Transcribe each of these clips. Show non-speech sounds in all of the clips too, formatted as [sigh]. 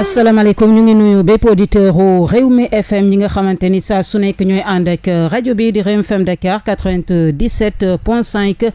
asalaamaaleykum ñu ngi nuyu bépp auditeur u Rewmi FM ñi nga xamante ni saa su nekk ñooy ànd rajo bi di Rewmi FM Dakar 97 point 5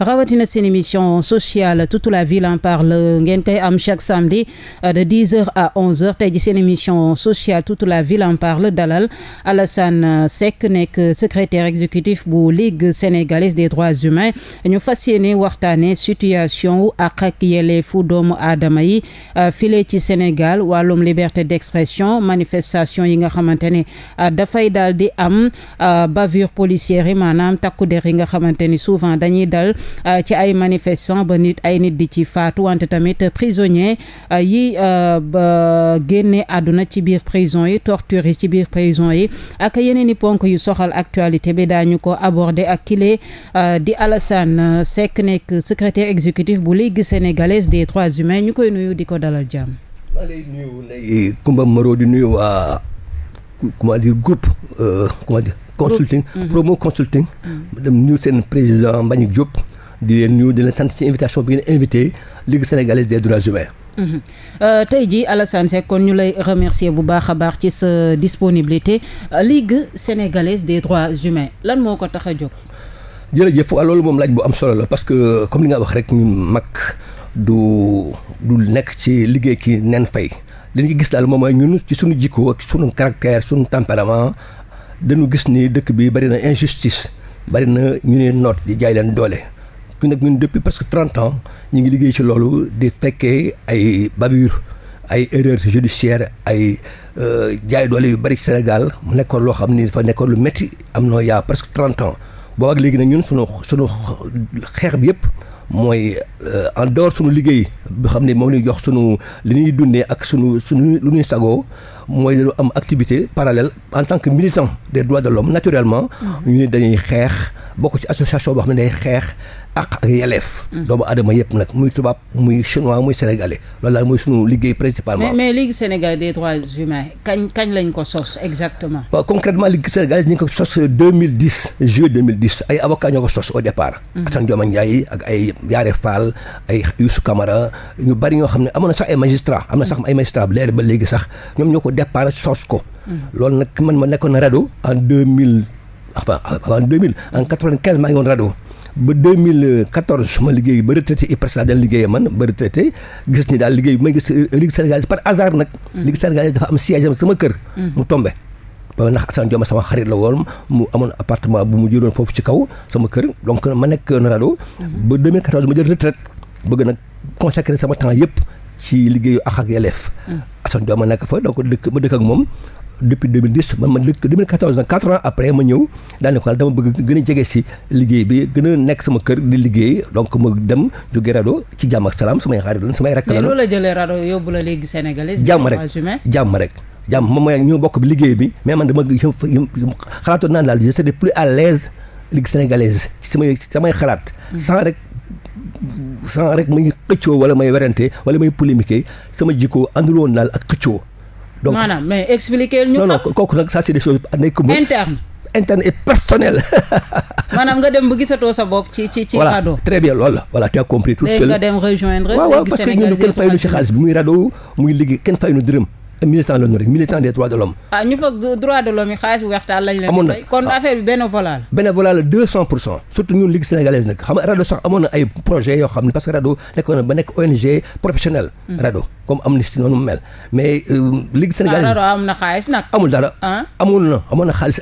rawatina seen émission sociale toute la ville en parle ngeen koy am chaque samedi euh, de 10 heures à 11 heures tey ji seen émission sociale toute la ville en parle dalal Alassane Seck nekk secrétaire exécutif bu Ligue sénégalaise des droits humains ñu fas yéene waxtaane situation wu ak ak yelleefu doomu aadama yi euh, file ci Sénégal wàllum liberté d'expression manifestation yi nga xamante ne ah, dafay daal di am ah, bavure policière yi maanaam takku der yi nga xamante ni souvent dañuy dal ah, ci ay manifestants ba nit ay nit di ci faatu wante tamit prisonniers yi ba génne adduna ci biir prison yi torture yi ci biir prison yi ak yeneen i ponk yu soxal actualité bi daa ñu ko aborder ak kile di Alassane Seck nekk secrétaire exécutif bu Ligue sénégalaise des trois humains ñu koy nuyu di ko dalal jàmm maa lay nuyu eh, di nuyu waa comment dire groupe euh, comment dire consulting mhm. promo consulting mhm. dem di leen nuyu di leen ci invitation bi ngeen invité Ligue sénégalaise des droits humains mhm. euh, tey jii Alassane Seck kon ñu lay remercier bu baax a baax ci sa disponibilité Ligue sénégalaise des droits humains lan moo ko tax a jóg jërëjëf waaw loolu moom laaj bu am solo la parce que comme li nga wax rek ñun mag du du nekk ci liggéey ki nen fay li ñu gis daal moom mooy ñun ci suñu jikko ak suñu caractère suñu tempérament dañu gis ni dëkk bi bari na injustice bari na ñu ne noot di jaay leen doole ñu nag ñun depuis presque trente ans ñu ngi liggéey ci loolu di fekkee ay bavure ay erreur judiciaire ay euh, jaay doole yu bari Sénégal mu nekkoon loo xam ni dafa nekkoon lu métti am noo yaa presque trente ans boo ak léegi nag ñun sunu sunu xeex bi yëpp mooy euh, en dehors suñu liggéey bi xam ne moo la jox suñu li ñuy dundee ak suñu suñu lu ñuy sagoo mooy lu am activité parallèle en tant que militant des droits de l'homme naturellement mm-hmm. ñu ne dañuy xeex bokk ci association boo xam ne day xeex ak ak yelleef. doomu adama yëpp nag muy tubaab muy chinois muy sénégalais loolu daal mooy sunu liggéey principalement. mais mais ligue sénégalaise des droits humains kañ kañ lañ ko sos exactement. waaw concrètement ligue sénégalaise ñu ngi ko sos 2010 juillet 2010 ay avocats ñoo ko sos au départ. Mm-hmm. Assane Dioma Ndiaye ak ay Yaare Fall ay Youssou Camara ñu bari ñoo xam ne amoon na sax ay magistrats am na sax ay magistrats bu ba léegi sax ñoom ñoo ko départ sos ko. Mm-hmm. loolu nag man ma nekkoon na rajo en 2000 enfin avant 2000 en rajo. ba 2014 ma liggéey ba retraité IPRES daal liggéey man ba retraité gis ni daal liggéey bi may gis Ligue sénégalaise par hasard nag. Mm. Ligue sénégalaise dafa am siège am sama kër. Mm. mu tombé. ba ndax Assane Dioma sama xarit la woon mu amoon appartement bu mu jëloon foofu ci kaw sama kër donc ma nekk Norado. Mm. ba 2014 ma jël retraite bëgg nag consacrer sama temps yëpp ci liggéeyu ak ak yelleef. Assane Dioma nekk fa donc dëkk ma dëkk ak moom. depuis 2010 man ma dëkk 2014 nag 4 ans ma ñëw daal ne ko dama bëgg gën a jege si liggéey bi gën a nekk sama kër di liggéey donc ma dem jóge rado ci jàmm ak salaam samay xarit lan samay rakk la mais loola jëlee rado yóbbu léegi sénégalais jàmm rek jàmm rek jàmm moom mooy ñoo bokk bi liggéey bi mais man dama xalaatoon naan daal je serais plus à l'aise ligue sénégalaise ci samay samay xalaat hmm. sans rek sans rek may xëccoo wala may werante wala may polémiquer sama jikko àndul woon daal ak xëccoo donc maanaam mais expliquer ñu. non non kooku nag ça c'est des choses nekk moom interne. interne et personnel. [laughs] maanaam nga dem ba gisatoo sa bopp ci ci ci rado. très bien loolu la voilà tu as compris. tout seul léegi nga dem rejoindre. léegi waaw waaw parce que ñun kenn fayuñu si xaalis bi muy rado muy liggéey kenn fayuñu dërëm. militant la ñu rek militant des droits de l'homme ah ñu foog droits de l'homme yi xaalis bu weextaal lañ leen kon ah. affaire bi la bénévolat la surtout ñun ligue sénégalaise nag xam sax amoon ay projet yoo xam ne parce que rajo nekkoon na ba nekk ONG professionnel hmm. rajo comme Amnesty noonu mel mais euh, ligue sénégalaise ah, rajo am nag amul dara ah. amoon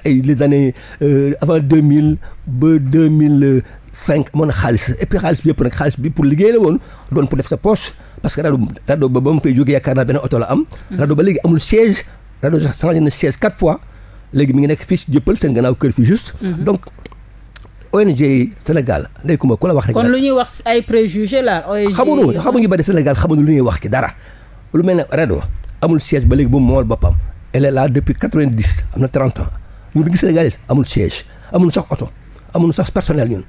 ay les années euh, avant deux mille ba mille cinq mën a xaalis et xaalis bi yëpp nag xaalis bi pour liggéey la woon doon pour def sa poche parce que rajo rajo ba ba mu fay jógee yaakaar naa benn oto la am mm-hmm. rajo ba léegi amul siège rajo changé na siège quatre fois léegi mi ngi nekk fii si jëppal seen gannaaw kër fii juste mm-hmm. donc ONG yi Sénégal ndey kuma ku la wax rek kon lu ñuy wax ay préjugé la ONG xamuñu xamuñu ba de Sénégal xamuñu lu ñuy wax ki dara lu mel ne rajo amul siège ba léegi bu mu moomal boppam elle depuis quatre-vingt-dix am na trente ans ñu di amul siège amul sax oto amul sax personnel ñun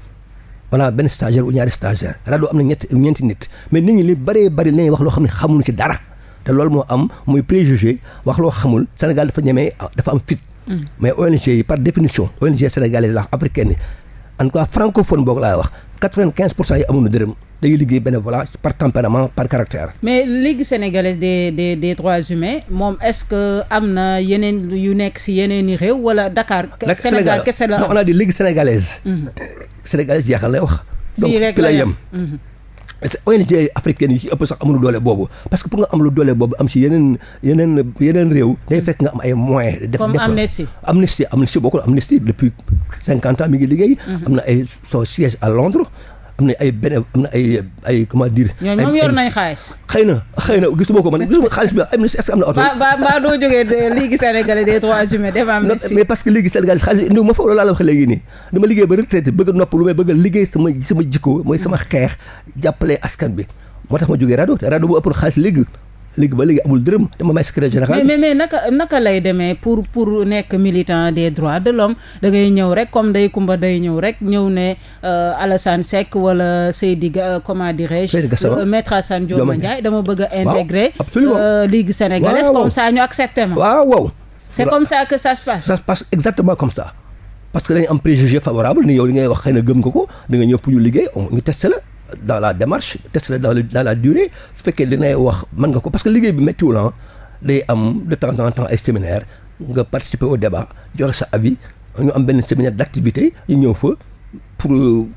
wala benn stagiaire ou ñaari stagiaire rajo am na ñetti ñeenti nit mais nit ñi li bëree bëri lañuy wax loo xam ne xamuñu ci dara te loolu moo am muy préjugé wax loo xamul Sénégal dafa ñeme dafa am fit mm. mais ONG yi par définition ONG sénégalais la africaine yi en tout cas francophone boog laay wax quatre vingt pour cent yi amuñu dërëm dañuy liggéey bénévolat par tempérament par caractère. mais ligue sénégalaise des des des droits humains moom est-ce que am na yeneen yu nekk si yeneen i réew wala Dakar. Sénégal kese la non on a dit ligue sénégalaise. Mhm. sénégalaise jeexal lay wax. donc fi la yem. Mhm. ONG africaine yi ci ëpp sax amul doole parce que pour nga am lu doole boobu am ci yeneen yeneen yeneen réew. day fekk nga am ay moyens. def comme Amnesty Amnesty Amnesty bokkul Amnesty depuis cinquante mi ngi liggéey. Mhm. am na ay son siège à Londres. am ay benn am na ay ay na xëy na gisuma ko man gisuma xaalis bi am na est-ce que am na oto. mbaa mbaa mais parce que léegi Sénégal xaalis indiw ma fa loolu laa la wax léegi nii dama liggéey ba retraité bëgg nopp lu may bëgg liggéey sama jikko mooy sama xeex jàppale askan bi moo tax ma jógee rajo te rajo bu ëppoon xaalis léegi léegi ba léegi amul dërëm dama may secrétaire général. mais mais naka naka lay demee pour pour nekk militant des droits de l'homme da ngay ñëw rek comme day Kumba day ñëw rek ñëw ne euh, Alassane Seck wala Seydi euh, comment dirais-je. Euh, maître Assane Dioma Ndiaye dama bëgg a intégrer. waaw ligue sénégalaise comme ça ñu accepté ma. waaw waaw. c'est comme ça que ça se passe. ça se passe exactement comme ça parce que dañu am préjugé favorable ni yow li ngay wax xëy na gëm nga ko da nga ñëw pour ñu liggéey ñu testé la. dans la démarche test la dans, la durée su fekkee dina wax mën nga ko parce que liggéey bi méttiwul ah. day am de temps en temps ay séminaire nga participer au débat jox sa avis ñu am benn séminaire d'activité ñu ñëw fa pour euh,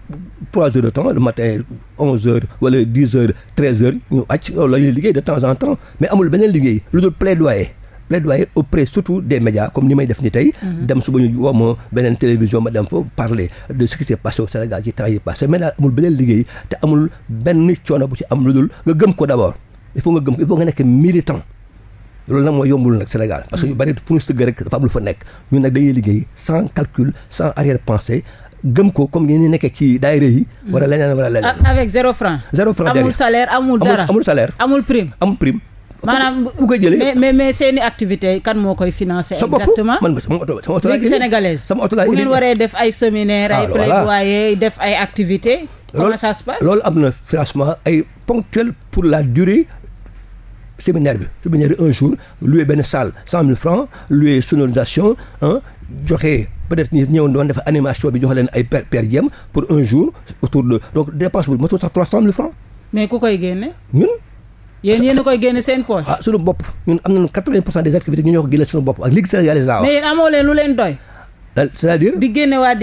trois heures de temps le matin onze heures wala dix heures treize heures ñu àcc loolu la ñuy liggéey de temps en temps mais amul beneen liggéey lu dul plaidoyer plaidoyer auprès surtout des médias comme ni may def ni tey. Mhm. dem suba ñu woo ma beneen télévision ma dem fa parler de ce qui s'est passé Sénégal ci temps yi passé amul beneen liggéey te amul benn coono bu ci am lu dul nga gëm ko d'abord il faut nga gëm il faut nga nekk militant. loolu nag mooy yombul nag Sénégal parce que bari fu ñu sëgg rek dafa am lu fa nekk ñun nag dañuy liggéey sans calcul mhm. avec zéro franc. zéro franc amul salaire amul maanaam bu ko jëlee mais mais mais seen i activités kan moo koy financer. exactement man sama oto sama oto léegi sénégalais sama oto laa bu ngeen waree def ay séminaire ah, ay def ay activités. comment ça se loolu am na financement ay ponctuel pour la durée. séminaire bi séminaire bi un jour loué benn salle cent mille francs loué sonorisation ah joxe peut-être ñëw ñëwoon doon def animation bi joxe leen ay per per pour un jour autour de donc dépense bi matul sax trois cent mille francs mais ku koy génne yéen yéen a koy génne seen poche. ah suñu bopp ñun am nañu quatre vingt pour cent des activités ñu ñoo ko génne suñu bopp ak ligue sénégalaise laa wax. mais yéen leen lu leen doy. c'est-à-dire. di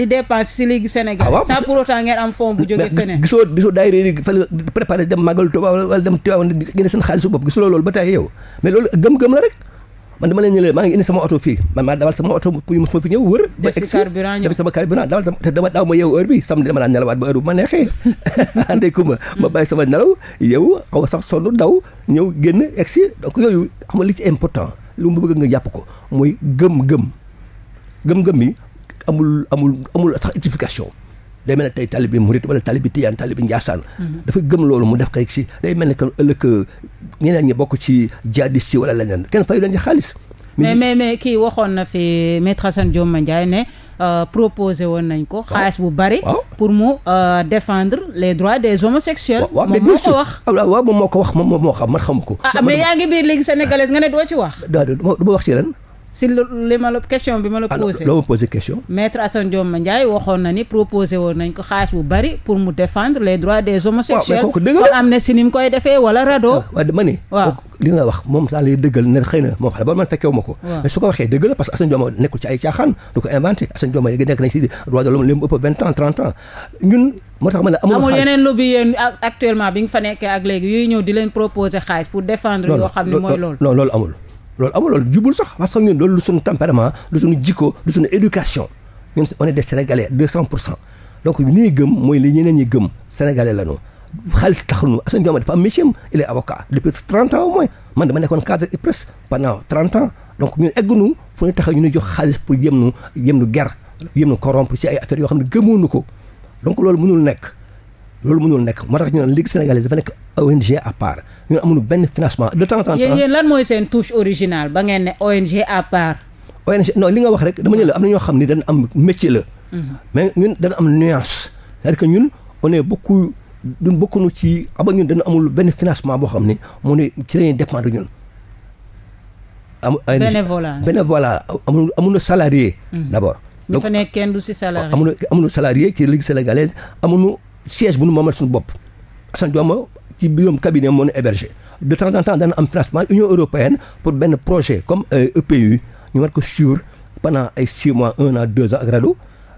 dépense si ligue sénégal. ah waaw dem màggal Tuuba wala dem Tiwaawan génne seen xaalisu bopp gisuloo loolu ba tey yow mais loolu gëm-gëm la rek man dama leen ñëlee maa ngi indi sama oto fii man maa dawal sama oto pour mos ma fi ñëw wër ba egsi def sama carburant te dama daaw ma yeewu heure bi samedi dama naan nelawaat ba heure [laughs] [laughs] ma ma bàyyi sama nelaw yow xaw sax sonn daw ñëw génn egsi donc yooyu xam nga li ci important lu mu bëgg nga jàpp ko mooy gëm-gëm gëm-gëm bi amul amul amul sax explication day mel ne tey tali bi murit wala tali bi tiyaan tali njaasaan mhm. dafa gëm loolu mu def kay si day mel ne que ëllëg ñeneen ñi bokk ci jihadiste si wala leneen kenn fayu leen ci xaalis mais mais mais kii waxoon na fi maître Assane Dioma Ndiaye ne euh, proposé woon nañ ko ah. xaalis bu bari ah. pour mu euh, défendre les droits des homosexuels waaw moom moo ko wax ah, waaw moom moo ko wax moom moo xam man xamu ko ah mais yaa ngi biir léegi sénégalaise nga ne doo ci wax daa du ma wax ci leen si li ma la question bi ma la posé loo ma posé question maître Assane waxoon na ni proposé woon nañ ko xaalis bu bari pour mu défendre les droits des homosexuels kon am na si ni mu koy defee wala rado ah, waaw dama ni waaw li nga wax moom laa lay dëggal ne xëy na moom xale ba man fekkewu ma ko mais su ko waxee dëgg la parce que Assane Dioma nekkul ci ay caaxaan du ko inventé Assane Dioma yéegi nekk nañ ëpp vingt ans trente ans ñun moo tax ma ne amul yeneen lobby nga fa nekkee ak yooyu ñëw di leen proposé xaalis pour défendre yoo xam loolu amul loolu amul loolu jubul sax parce que ñun loolu lu suñu tempérament lu suñu jikko lu suñu éducation ñun on est des sénégalais deux cent pour cent donc li ñuy gëm mooy li ñeneen ñi gëm sénégalais la ñu xaalis taxul Assane Dioma dafa am métier il a avocat depuis trente ans au moins man dama nekkoon cadre et presse pendant trente ans donc ñun eggnu fu ñu taxaw ñu jox xaalis pour yëm nu yëm nu ger yëm nu corrompre ci ay affaires yoo xam ne gëmoonu ko donc loolu mënul nekk loolu mënul nekk moo tax ñu naan Ligue sénégalaise dafa nekk ONG à part ñun amuñu benn financement de temps en temps. yéen ah. lan mooy seen touche originale ba ngeen ne ONG à part. ONG non li nga wax rek dama ne la am na ñoo xam ni dañ am métier la. Mhm. mais ñun dañ am nuance. c'est-à-dire que ñun on est beaucoup duñ bokkunu ci aba ñun dañu amul benn financement boo xam ne moo ne ci la ñuy dépendre ñun. am ay bénévolat bénévolat amul amul salarié. Mhm. d'abord. donc dafa nekk kenn du si salarié. amul amul salarié ci Ligue sénégalaise amunu siège bu nu moomal suñu bopp Assane Dioma ci biirum cabinet moo nu hébergé de temps en temps dana am financement Union européenne pour benn projet comme EPU euh, e ñu war ko suivre pendant ay 6 mois 1 an 2 ans ak RADDHO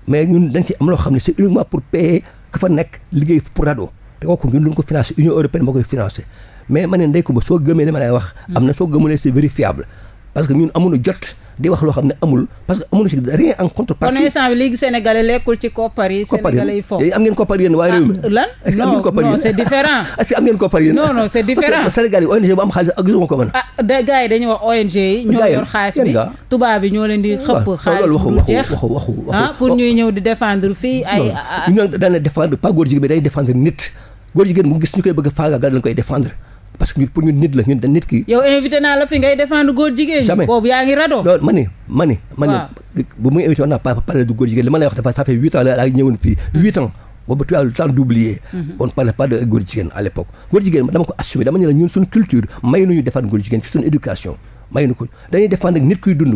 mais ñun dañ ci am loo xam ne c'est uniquement pour payer ka fa nekk liggéey pour RADDHO te kooku ñun duñ ko financé Union européenne moo koy financé mais ma ne ndey ko ba soo gëmee li ma lay wax. am na soo gëmulee c'est vérifiable. parce que ñun amuñu jot di wax loo xam ne amul parce que amuñu ci rien en contrepartie. kon instant bi léegi sénégalais lekkul ci koppar yi. sénégalais yi foofu eh, am ngeen koppar yéen waa réew mi. Ah, lan non non c'est différent. [laughs] est-ce que am ngeen koppar yéen. non non c'est différent parce que sénégalais yi ONG bu am xaalis ak gisuma ko mën. ah da gars yi dañuy wax ONG yi. ñoo yor xaalis bi tubaab bi ñoo leen di. xëpp xaalis bu jeex waxu waxu waxu ah, pour ñuy ñëw di défendre fii ay. Ah, ñoo daan défendre pas góor jigéen bi dañuy défendre nit góor jigéen mu gis ñu koy bëgg faaga dañ koy défendre parce que pour ñun nit la ñun nit ki. yow invité naa la fi ngay défendre góor jigéen ñi. jamais boobu yaa ngi rado. non ma ne ma ne. ma ne bu muy invité woon naa parler du góor jigéen li ma lay wax dafa ça fait huit ans la ñëwoon fii. Hmm. huit ans boobu tu as le temps d'oublier. Hmm. on parlait pas de góor jigéen à l'époque. góor jigéen dama ko assumé dama ne la ñun culture may nañu défendre góor jigéen ci suñu éducation may nu ko dañuy défendre nit kuy dund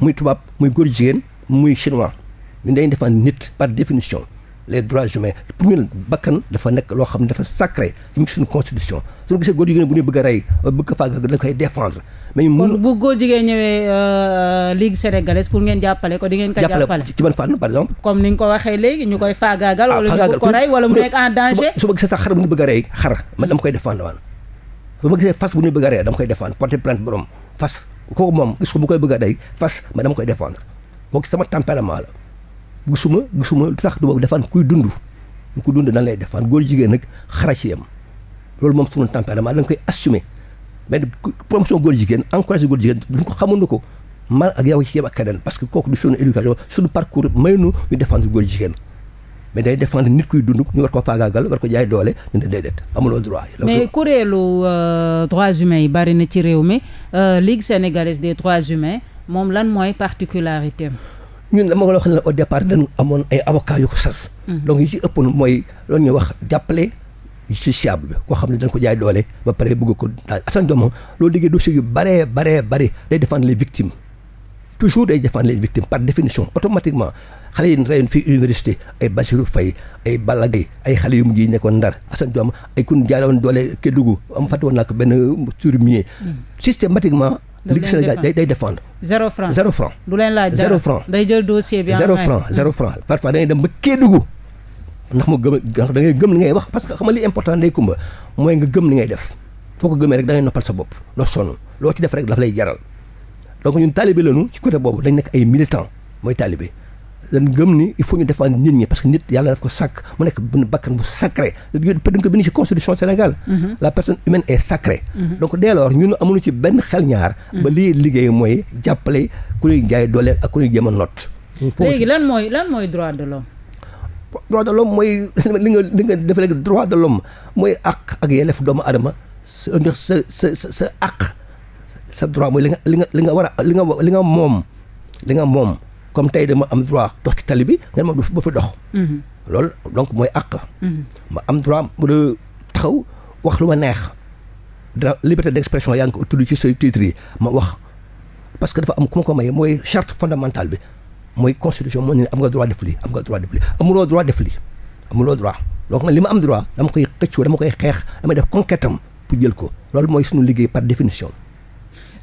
muy tubaab muy góor jigéen muy chinois ñun dañuy défendre nit définition. les droits humains pour ñun bakkan dafa nekk loo xam ne dafa sacré ñu ngi suñu constitution suñu gisee góor jigéen bu ñu bëgg a rey euh, bëgg koy défendre mais kon bu góor euh, jàppale ngeen ko jàppale ci ban fànn par exemple comme ni nga ko ah, ko rey wala mu nekk en danger su ma gisee sax xar bu ñu bëgg a rey xar ma a dama koy défendre porter plainte borom fas kooku moom gis ko bu a rey fas koy défendre kooku sama tempérament la gisuma gisuma tax du boobu dafa am kuy dund ñu ku dund nan lay defaan góor jigéen nag xara yam loolu moom sunu tempérament dañ koy assumer mais promotion góor jigéen encouragé góor jigéen duñ ko xamuñu ko man ak yow ci yem ak keneen parce que kooku du sunu éducation sunu parcours may nu ñu défendre góor jigéen mais day défendre nit kuy dund ñu war ko faagaagal war ko jaay doole ñu ne déedéet loo droit. mais loo euh, droits humains yi bari na ci réew mi euh, Ligue sénégalaise des droits humains moom lan mooy particularité ñun dama la wax ne la au départ dañu amoon ay avocats yu ko sas. Hmm. donc yu ci ëpp mooy loolu ñuy wax jàppale ci siable bi koo xam ne dañ ko jaay doole ba pare bugg ko daal Assane Dioma loolu liggéey yu baree baree bare day défendre les victimes toujours day défendre les victimes par définition automatiquement xale yi reyoon fii université ay Bassirou Faye ay Balla Gaye ay xale yu mujj yi nekkoon Ndar Assane Dioma ay kun jaaroon doole Kédougou am fàtte woon naa ko benn surmier hmm. ligue Sénégal day day défendre. zéro franc zéro franc. du leen laaj dara zéro franc day jël dossier bi. zéro franc zéro franc dem ba Kédougou ndax mu gëm ndax da ngay gëm li ngay wax parce que xam nga li important day kumba mooy nga gëm ni ngay def foo ko gëmee rek da ngay noppal sa bopp doo sonn loo ci def rek daf lay jaral donc ñun talibé lañu ci côté boobu dañ nekk ay militants mooy talibé dañ gëm ni il faut ñu défendre nit ñi parce que nit yàlla daf ko sàkk mu nekk benn bakkan bu mhm. mhm. mhm. a noot léegi lan mooy lan mooy droit de l'homme droit de l'homme mooy [laughs] li ak yelleef doomu adama sa sa sa sa mooy li nga li nga li nga war a li li nga moom li nga moom comme tey dama am droit dox ci tali bi ngeen ma du ba fa dox mhm. loolu donc mooy àq mhm. ma am droit mu taxaw wax lu ma neex dara liberté d'expression yaa ngi ko tudd ci ma wax parce que dafa am ku ma ko may mooy charte fondamentale bi mooy constitution moo ne am nga droit def lii am nga droit def lii amuloo droit donc man li ma am droit dama koy xëccoo dama koy xeex dama def conquête am pour jël ko loolu mooy suñu liggéey par définition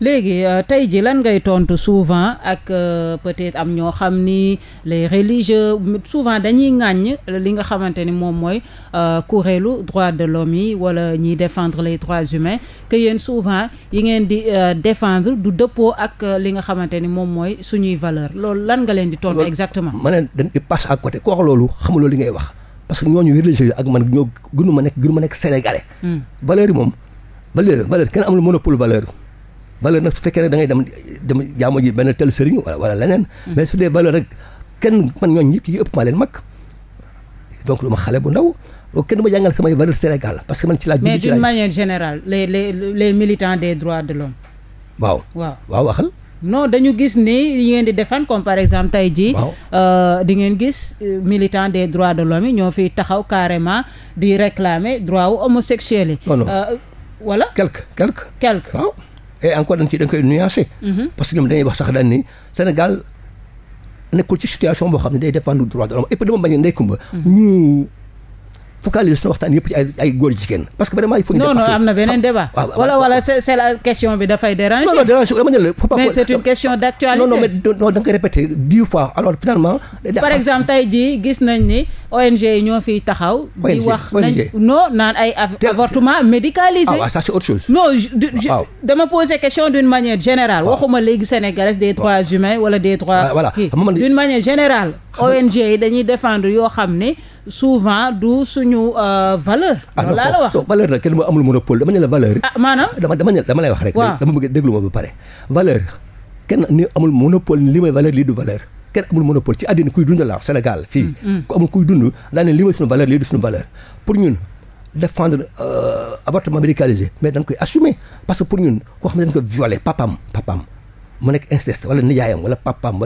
léegi euh, tey ji lan ngay tontu souvent ak euh, peut-être am ñoo xam ni les religieux souvent dañuy ŋàññ li nga xamante ni moom mooy euh, kuréelu droit de l'homme yi wala ñiy défendre les droits humains que yéen souvent yi ngeen di défendre du dëppoo ak li nga xamante ni moom mooy suñuy valeur loolu lan nga leen di tontu exactement ma ne dañ di passe à côté ku loolu xamuloo li ngay wax parce que ñoo religieux yi ak man ñoo gënu ma nekk gënu ma nekk sénégalais hmm. valeur yi moom valeur valeur kenn amul valeur valeur nag su fekkee ne da ngay dem dem jaamu ji benn tel sëriñ wala wala leneen. Hmm. mais su dee valeur rek kenn man ñooñu ñëpp ki ëpp maa leen mag donc lu ma xale bu ndaw. donc kenn du ma samay valeur Sénégal parce que man ci laaj. mais d'une manière générale les les les militants des droits de l'homme waaw waaw waaw waxal. non dañu gis ni yi ngeen di defan comme par exemple tey jii. Euh, di ngeen gis euh, militant des droits de l'homme yi ñoo fiy taxaw carrément di réclamer droit wu homosexuel yi. non non euh, voilà. quelque et encore dañ ciy dañ koy nuancé. parce que ñoom dañuy wax daan ni Sénégal nekkul ci situation boo xam ne day défendre droit de l'homme et puis dama bañ focaliser suñu waxtaan yëpp ci ay ay góor jigéen parce que vraiment il faut. non non am na beneen ah, débat. Ah, ah, wala wala c'est la question bi dafay déranger. non non déranger dama ne la faut par exemple tey jii gis nañ ni ONG ñoo fiy taxaw. di wax nañ naan ay avortement médicalisé. ah ça c'est autre chose. non dama poser question d'une manière générale. waxuma léegi sénégalaise des droits humains wala des droits. voilà d'une manière générale. ONG dañuy défendre yoo xam ni. souvent du suñu euh, valeur. Ah, loolu laa la wax valeur nag kenn monopole dama la valeur. Ah, ah, dama dama ne wax rek. dama bëgg déglu ma ba pare. valeur kenn ni amul monopole li may valeur lii du valeur. kenn amul monopole ci àddina kuy dund la Sénégal fii. Mm, mm. ku amul kuy dund daanaka li may suñu valeur lii du suñu valeur pour ñun. défendre euh, avortement médicalisé mais dañ koy assumer parce que pour ñun koo xam ne dañ ko violé papam papam mu nekk inceste wala nijaayam wala papam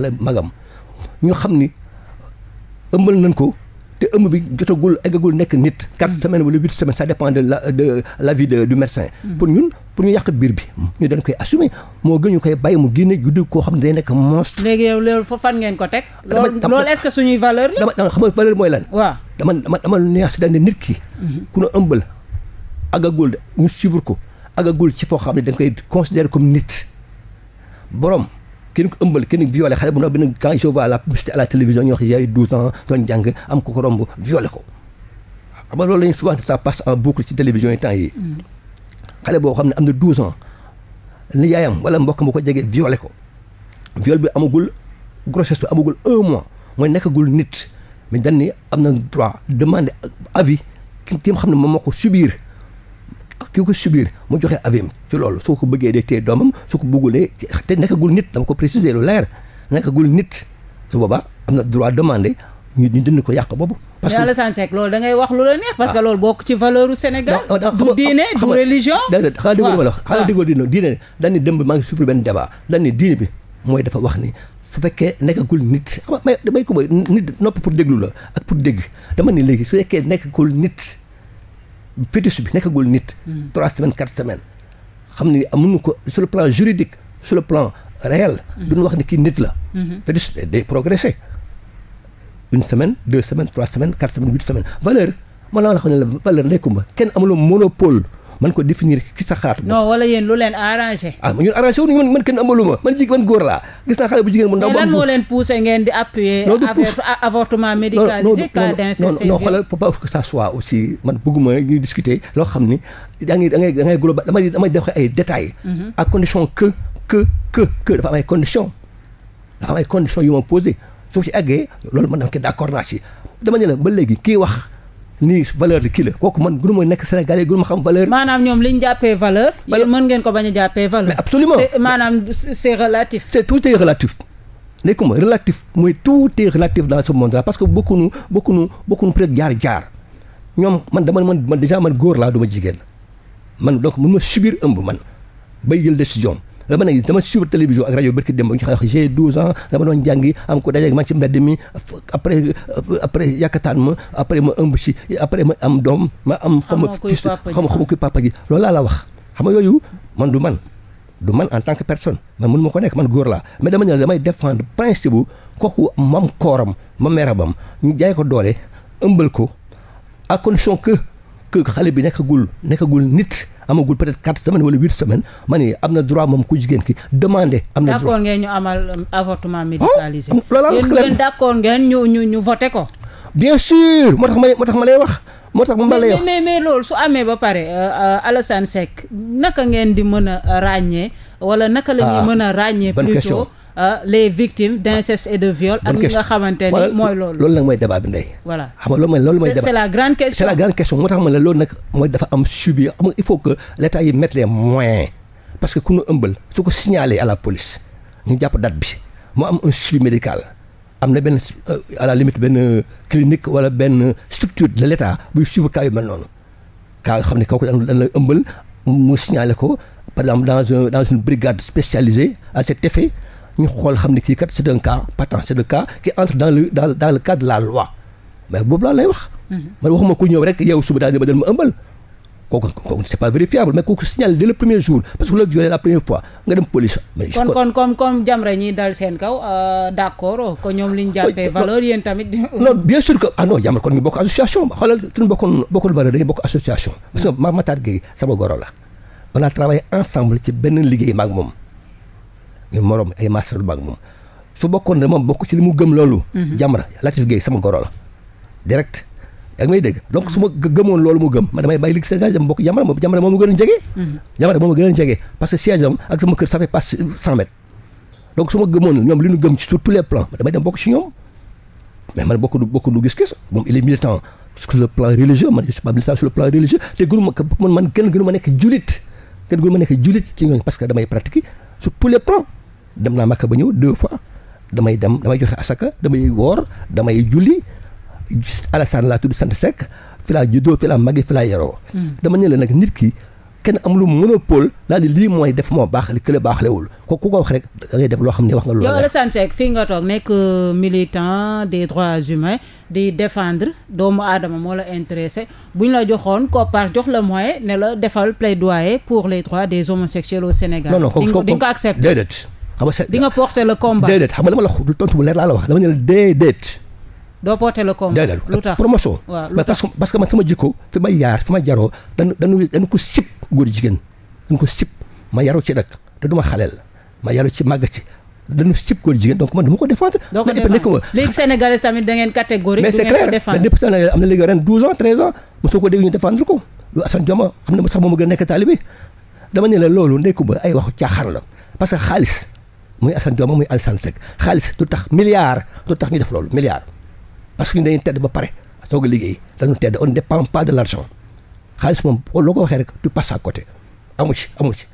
te ëmb bi jotagul eggagul nekk nit. 4 mm. semaine wala 8 semaines ça dépend de la de l'avis du médecin. Mm. pour ñun pour ñu yàq biir bi. ñu dañ koy assumer moo gën ñu koy bàyyi mu génne juddu koo xam ne day nekk monstre. léegi yow loolu ngeen ko teg. loolu loolu ce que suñuy valeur la. dama xam nga valeur mooy lan. waaw dama dama dama nuance dañ ne nit ki. Mm-hmm. ku ñu ëmbal agagul ñu suivre ko agagul ci foo xam ne dañ koy considérer comme nit borom. kenn ku ëmbal kenn violé xale bu ndaw benn quand je vois la publicité à la télévision ñu wax yaay 12 ans doon jàng am ko ko romb violé ko xam nga loolu lañu souvent ça passe en boucle ci télévision yi temps yi mm. xale boo xam ne am na 12 ans ni yaayam wala mbokk mu ko jege violé ko viol bi amagul grossesse bi amagul un mois mooy nekkagul nit mais dañ ni am na droit demander avis ki ki nga xam ne moom moo ko subiir ki ko subir mu joxe avim ci loolu soo ko bëggee de tee doomam su ko bëggulee te nekkagul nit ko préciser lu leer nekkagul nit su boobaa am na droit demander ñu ñu dindi ko yàq boobu. parce que mais Alassane Seck loolu da wax lu la neex. parce que ah. loolu bokk ci valeur u Sénégal. du diine du religion. déedéet xanaa déggoo ma la ah. xanaa déggoo diine diine maa ngi souffrir benn débat dañ diine bi mooy dafa wax ni su fekkee nekkagul nit xam may may ko mooy nit nopp pour déglu la ak pour dégg dama ni léegi su fekkee nekkagul nit. fétiche bi nekkagul nit. Hmm. trois semaines quatre semaines. xam ne amuñu ko sur le plan juridique sur le plan réel. Hmm. duñu wax ni kii nit la. fétiche hmm. day progresser une semaine deux semaines trois semaines quatre semaines huit semaines valeur maanaam la xam ne la valeur ndeykum ba kenn amuloo monopole. man ko définir ki sa xalaat. non wala yéen lu leen arrangé. ah ñun arrangé wu man man kenn amaluma man jigéen man góor laa gis naa xale bu jigéen bu ndaw. mais lan moo leen poussé ngeen di appuyer. avortement médicalisé cas d'inceste. non xoolal faut pas que ça soit aussi man bëgguma ñuy discuter loo xam ni yaa ngi da ngay da ngay global damay damay def ay détails. Mhm. à condition que que que que dafa am ay conditions. dafa am ay conditions yu ma posé soo ci eggee loolu man dama ko d'accord naa ci dama ne la ba léegi kii wax. nii valeur li kii la kooku man gënu ma nekk Sénégalais gënu ma xam valeur. maanaam ñoom li ñu jàppee valeur. yéen mën ngeen ko bañ a jàppee valeur. mais absolument maanaam c'est relatif. c'est tout est relatif. nekkuma relatif mooy tout est relatif dans ce monde là parce que bokkuñu bokkuñu bokkuñu peut être jaar jaar ñoom man dama man man déjà man góor laa duma jigéen man donc mun ma subir ëmb man bay jël décision. dama ne dama suivre télévision ak rajo barki dem ba j'ai douze ans dama doon jàngi am ko ma après ma ma ma am xama ci xama xama kuy papa ji loolu laa la wax xam nga yooyu man du man du man en tant que personne man ma ko nekk man góor laa mais dama ne damay défendre principe bu kooku mam kooram ma merabam ñu jaay ko doole ëmbal ko à condition que que xale bi nekkagul nekkagul nit amagul peut-être quatre semaines wala huit semaines ma ni am na droit moom ku jigéen ki demande am na droit d'accord ngeen ñu amal euh, avortement oh, médicalisé. loolu d'accord ngeen ñu ñu ñu voté ko. bien sûr moo tax ma moo tax ma lay wax. moo tax ma lay wax mais mais loolu su amee ba pare euh, euh, Alassane Seck naka ngeen di mën a ràññee. wala naka la ñuy ah, mën a ràññee. plutôt Euh, les victimes d'inceste et de viol ak nga xamante ni mooy loolu loolu nag mooy débat bi ndey voilà xam nga loolu mooy loolu mooy débat c'est la grande question c'est la loolu nag mooy dafa am subi xam nga il faut que l'état yi mettre les moyens parce que ku ñu ëmbal su ko signaler à la police jàpp date bi mu am am na benn euh, la limite benn clinique wala benn structure de l'état buy suivre cas yu mel noonu cas xam ne kooku daan la ëmbal mu signaler ko par exemple dans un dans une brigade spécialisé à cet effet ñu xool xam ne kii kat c'est un cas patent entre dans le de la loi mais boobu laa lay wax. Mhm. man waxuma ku ñëw rek yow suba daal di ba dal ma ëmbal. kooku kooku c'est pas vérifiable mais kooku signale dès le premier jour parce que loolu violé la première fois nga dem police. mais kon kon comme ñi dal seen kaw euh, d'accord ko ñoom li jàppee valeur yéen tamit. [laughs] non bien sûr que ah non Jamra kon ñu bokk association xoolal suñu bokkoon bokkoon bokk association. Mm. a travaillé ensemble ci benn liggéey maag moom. morom ay master banque moom su bokkoon moom bokk ci li mu gëm loolu. Mhm. Jamra Latif Gueye sama goro la direct. yaa ngi may dégg donc su ma gëmoon loolu mu gëm man damay bàyyi liggéey Sénégal dem moom mu gën a jege. Mhm. Jamra moom mu kër ça pas cent mètres. donc su ma gëmoon ñoom li ñu gëm ci sur tous les damay dem bokk ci ñoom mais man bokk du gis-gis moom il est militant le plan religieux man je suis pas le plan religieux te gënu ma nekk julit sur tous les plans dem naa Makka ba ñëw deux fois damay dem damay joxe asaka damay woor damay julli Alassane laa tudd sant Seck fi laa juddoo fi laa màggee fi laa yaroo. Hmm. dama ne nag nit ki. kenn am lu monopole daal di lii mooy def moo baax li kële baaxlewul ko ku ko wax rek da def loo xam ne wax nga. loolu la Assane Seck fii nga toog nekk euh, militant des droits humains di défendre doomu aadama moo la intéressé bu ñu la joxoon koppar jox la moyen ne la defal plaidoyer pour les droits des homosexuels au Sénégal. non non ko ko ko accepté déedéet. di nga porter le combat déedéet xam nga la wax tontu bu leer laa la wax dama ne la doo porté le combat lu promotion waaw parce que parce sama jikko fi ma yaar fi ma jaroo dañu dañu ko sib góor jigéen dañu ko sib ma yaroo ci nag te du ma xaleel ma yaroo ci màgg ci dañu sib góor jigéen donc ma dama ko défendre. ko défendre léegi sénégalais tamit da ngeen catégorique. mais c'est clair lépp sénégalais am na léegi ren 12 ko dégg ko lu Assane Dioma xam ne sax moom a gën a nekk taalibe dama ne loolu nekkuma ay waxu caaxaan la parce que xaalis muy Assane Dioma muy Alassane Seck xaalis du tax milliard du tax ñu def loolu milliard parce que ñu dañuy tedd ba pare soo ko liggéey dañu tedd on dépend pas de l' xaalis moom loo ko waxee rek tu passes côté amu ci amu ci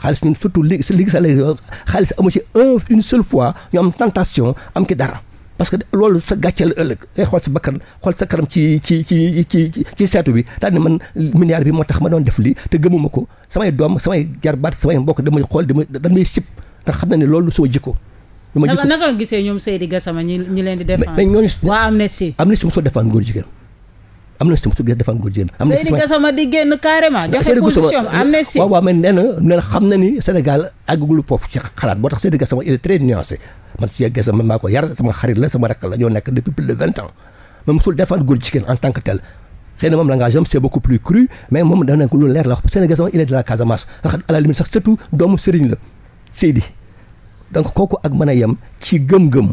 xaalis ñun surtout léegi si léegi sa léegi xaalis amu ci un une fois ñu am tentation am ci dara parce que loolu sa gàcce la ëllëg ngay xool sa bakkan xool sa karam ci ci ci ci ci seetu bi daal ne man milliard bi moo tax ma doon def lii te gëmuma ko samay doom samay jarbaat samay mbokk damay xool damay damay sip ndax xam na ne loolu suma jikko ñu ma naka naka gisee ñoom Seydi Gassama ñi ñi leen di défendre mais ñooñu waa Amnesty Amnesty mosul défendre góor jigéen Amnesty mosul défendre góor jigéen Seydi Gassama di génn carrément joxe position Amnesty waaw waaw mais nee na nee na xam na ni Sénégal àggagul foofu ci xalaat boo tax Seydi Gassama il est très nuancé man Seydi Gassama maa ko yar sama xarit la sama rakk la ñoo nekk depuis plus de vingt ans mais mosul défendre góor jigéen en tant que tel xëy na moom langage am c'est beaucoup plus cru mais moom da nekk lu leer la wax Seydi Gassama il est de la Casamance à la limite sax surtout doomu Serigne la Seydi donc kooku ak mën a yem ci gëm-gëm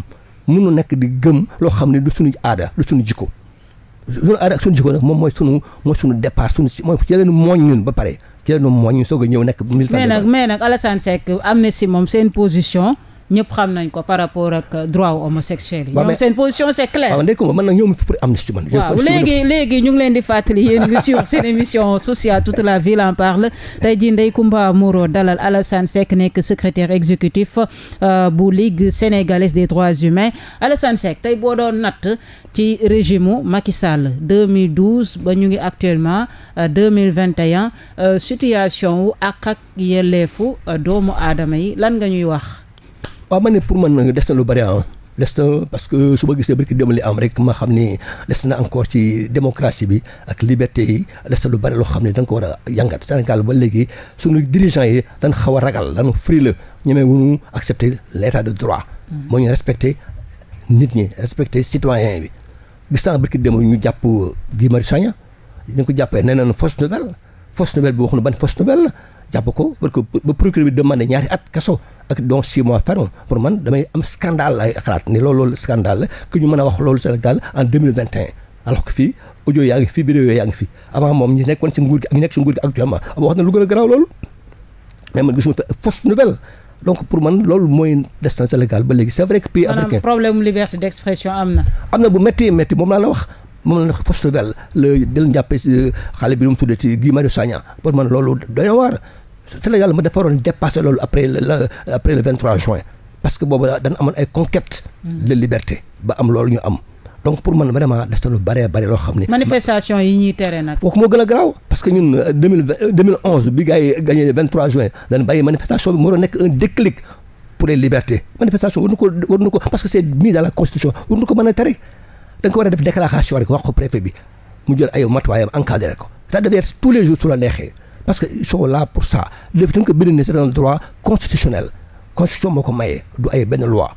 mënu nekk di gëm loo xam ne du suñu aada du suñu jikko suñu aada ak suñu jikko nag moom mooy suñu mooy suñu départ suñu si mooy jëleenu mooñ ñun ba pare jëleenu mooñ ñun soog a ñëw nekk militant mais nag mais nag am Seck si moom seen position ñëpp xam nañ ko par rapport ak droit wu homosexuel yi. ñoom seen position c'est clair. waaw ndekuma pour amnistie man. waaw léegi léegi ñu ngi leen di fàttali yéen ngi sur seen émission sociale toute la ville en parle tey jii Ndeye Comba Moreau dalal Alassane Seck nekk secrétaire exécutif euh, bu Ligue sénégalaise des droits humains Alassane Seck tey boo doon natt ci régime u Macky Sall 2012 ba ñu ngi actuellement 2021 euh, euh, situation wu ak ak yelleefu doomu aadama yi lan nga ñuy wax. waaw man ne pour man des na lu bëri ah des parce que su ma gisee barki dem li am rek ma xam ni des na encore ci démocratie bi ak liberté yi des na lu bare loo xam ne da ko war a yàngat Sénégal ba léegi suñu dirigeants yi dañ xaw a ragal dañu fri la wu wuñu accepter l' état de droit mm. moo ñu respecté nit ñi respecté citoyen bi gis naa barki dem ñu jàpp Guy Marius Sagna ñu ko jàppee nee nañu fausse nouvelle fausse nouvelle bi wax na ban fausse nouvelle la jàpp ko parce que ba procureur bi demandé ñaari at kaso ak donc six mois ferme pour man damay am scandale lay xalaat ni loolu loolu scandale la que ñu mën a wax loolu Sénégal en deux mille vingt et un yaa ngi fi vidéo yaa ngi fi avant moom ñu nekkoon ci nguur gi ak ñu nekk ci nguur gi actuellement wax na lu gën a garaaw loolu mais pour man loolu mooy destin Sénégal ba léegi c'est vrai que pays africain problème liberté d'expression am na. am na bu métti métti moom laa la wax moom la fausse nouvelle la del xale bi nu mu tuddee ci Guy Marius Sagna pour man loolu doy na Sénégal ma dafa waroon dépasser loolu après le après le 23 juin parce que boobu dañ amoon ay conquête mm. de liberté ba am loolu ñu am donc pour man vraiment des na lu bëree bëri loo xam ne. manifestation yi ñuy tere nag. kooku moo gën a garaaw parce que ñun euh, deux mille vingt euh, deux mille onze bi gars yi gagné juin dañ bàyyi manifestation moo doon nekk un déclic. pour les manifestation war na ko parce que c'est mis dans la constitution war na ko mën a tere da war a def déclaration rek wax ko mu jël ay matuwaayam parce qu'ils sont la pour ça léegi tam ko bind ne c'est un droit constitutionnel constitution moo ko maye du ay benn loi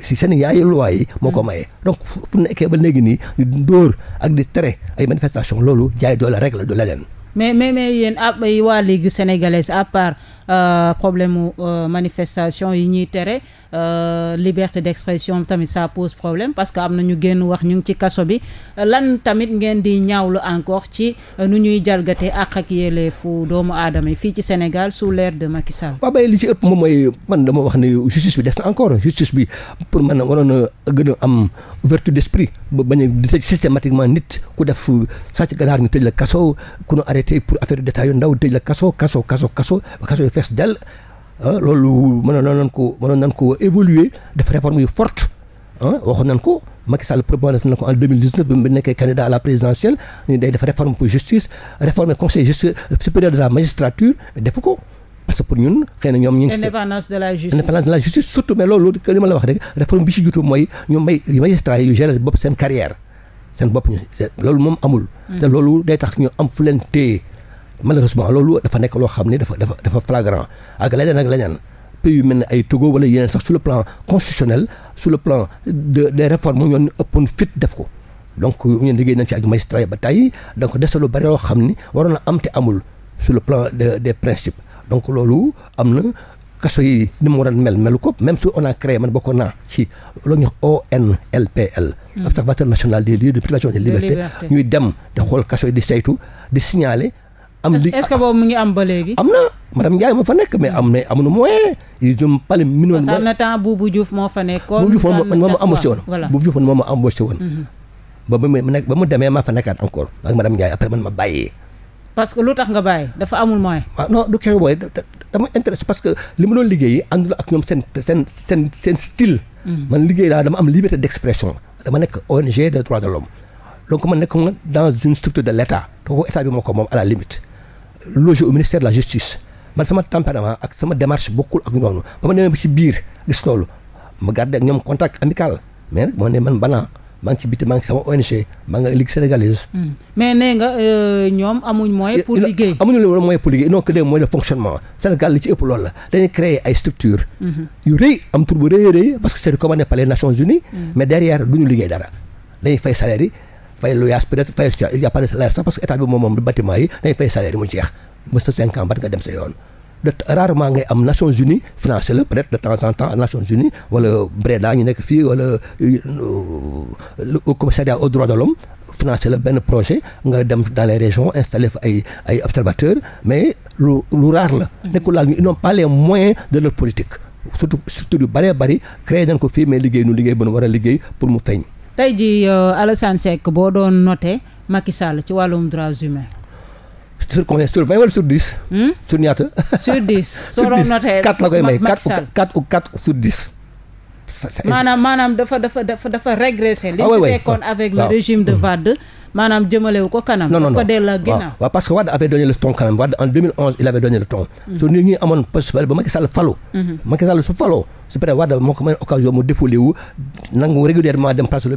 si seen yaay loi yi moo ko mm. maye donc fu nekkee ba léegi nii dóor ak di tere ay manifestation loolu jaay doole rek la du leneen mais mais mais yéen ah, waa Ligue sénégalaise à part Euh, problème mu euh, manifestation yi ñuy tere euh, liberté d'expression tamit ça pose problème parce que am na ñu génn wax ñu ngi ci kaso bi lan tamit ngeen di ñaawlu encore ci nu ñuy jalgatee àq ak fu doomu aadama yi fii ci Sénégal su l'ère de Macky Sall. waaw li ci ëpp moom mooy man dama wax ne justice bi des na encore justice bi pour man waroon a gën a am vertu d'esprit ba bañ a di tëj systématiquement nit ku def sàcc ganaar ñu tëj la kaso ku ñu arrêté pour affaire de yu ndaw tëj la kaso fees dell ah, loolu mënoon nañ ko ko évoluer def réforme yu forte ah waxoon ko Macky Sall proposé na day def réforme pour justice réforme conseil justice de la magistrature def ko parce que pour ñun xëy ñoom ñu ngi indépendance de la de la justice ma la wax rek réforme bi ci mooy ñu may yi yu gérer seen carrière seen bopp loolu moom amul mm. te loolu day tax ñu am malheureusement loolu dafa nekk loo xam ne dafa dafa dafa flagrant ak leneen ak leneen pays yu mel ne ay Togo wala yeneen sax sur le plan constitutionnel sur plan de des réformes ñoon ëppoon fit def ko donc ñun liggéey nañ ci ak magistrat ba tey donc des lu bari loo xam ni waroon na am te amul sur le plan de des principes loolu am na kaso yi ni mu war a mel melu ko même si on a man bokkoon naa ci loolu ñuy ONLPL. Hmm. observateur national des lieux de privation de liberté ñuy dem di xool kaso yi di saytu di signaler. am li est-ce que boobu mu ngi am ba léegi. am na madame Ndiaye ma fa nekk mais am na amuñu moyen. ils ont pas les millions. parce que am na temps Boubou Diouf moo fa nekkoon. Boubou Diouf moom moo ma embauché woon. voilà Boubou Diouf moom moo ma embauché woon. Mhm. ba ba mu nekk ba mu demee maa fa nekkaat encore ak madame Ndiaye après man ma bàyyi. parce que lu tax nga bàyyi dafa amul moyen. waaw ah, non du kii booy dama intéressé parce que li ma doon liggéey àndul ak ñoom seen seen seen seen style. Mhm. man liggéey daal dama am liberté d'expression dama nekk ONG des droits de l'homme donc man nekk dans une structure de l'État donc état bi moo ko moom à la limite. logé au ministère de la justice man sama tempérament ak sama démarche bokkul ak ñooñu ba ma demee ba ci biir gis loolu ma gardé contact amical mais nag moo ne man banaa hmm. nee nga euh, ñoom amuñ moyen pour liggéey. amuñu loolu moyen liggéey non que des de fonctionnement Sénégal li ci ëpp loolu la dañuy créer ay structures. Hmm. yu rëy am tur bu rëy a parce que c'est recommandé par les Nations Unies. Hmm. mais derrière duñu liggéey dara dañuy fay salaire fay luyaas peut-être fay il y a pas de salaire sax parce que état bi moom moom bâtiment yi la peut-être de fii wala au euh, commissariat aux droits de la benn projet nga dem dans les régions installé fa ay ay observateurs mais lu lu rare la nekkul laal ñu ils n'ont pas les moyens de leur politique surtout surtout yu bëree bëri créé nañ ko fii mais liggéey nu liggéey bu nu war a liggéey pour mu feeñ tey jii euh, Alassane Seck boo doon noté Macky Sall ci wàllum droits humains. sur combien sur vingt wala sur dix. Hmm? sur ñaata. sur dix [laughs] soo doon noté quatre la koy may quatre ou quatre sur dix. maanaam maanaam dafa dafa dafa dafa régressé. Ah, li ñu fekkoon ah, avec le régime de mm-hmm. Wade. maanaam jëmalewu ko kanam. non non non delloo ginnaaw waaw parce que Wade avait donné le ton quand même Wade en 2011 il avait donné mm. su nit ñi amoon possible ba Macky Sall falu. Mm-hmm. Macky Sall su faloo su fekkee Wade moo ko may occasion mu défoulé nangu régulièrement dem place de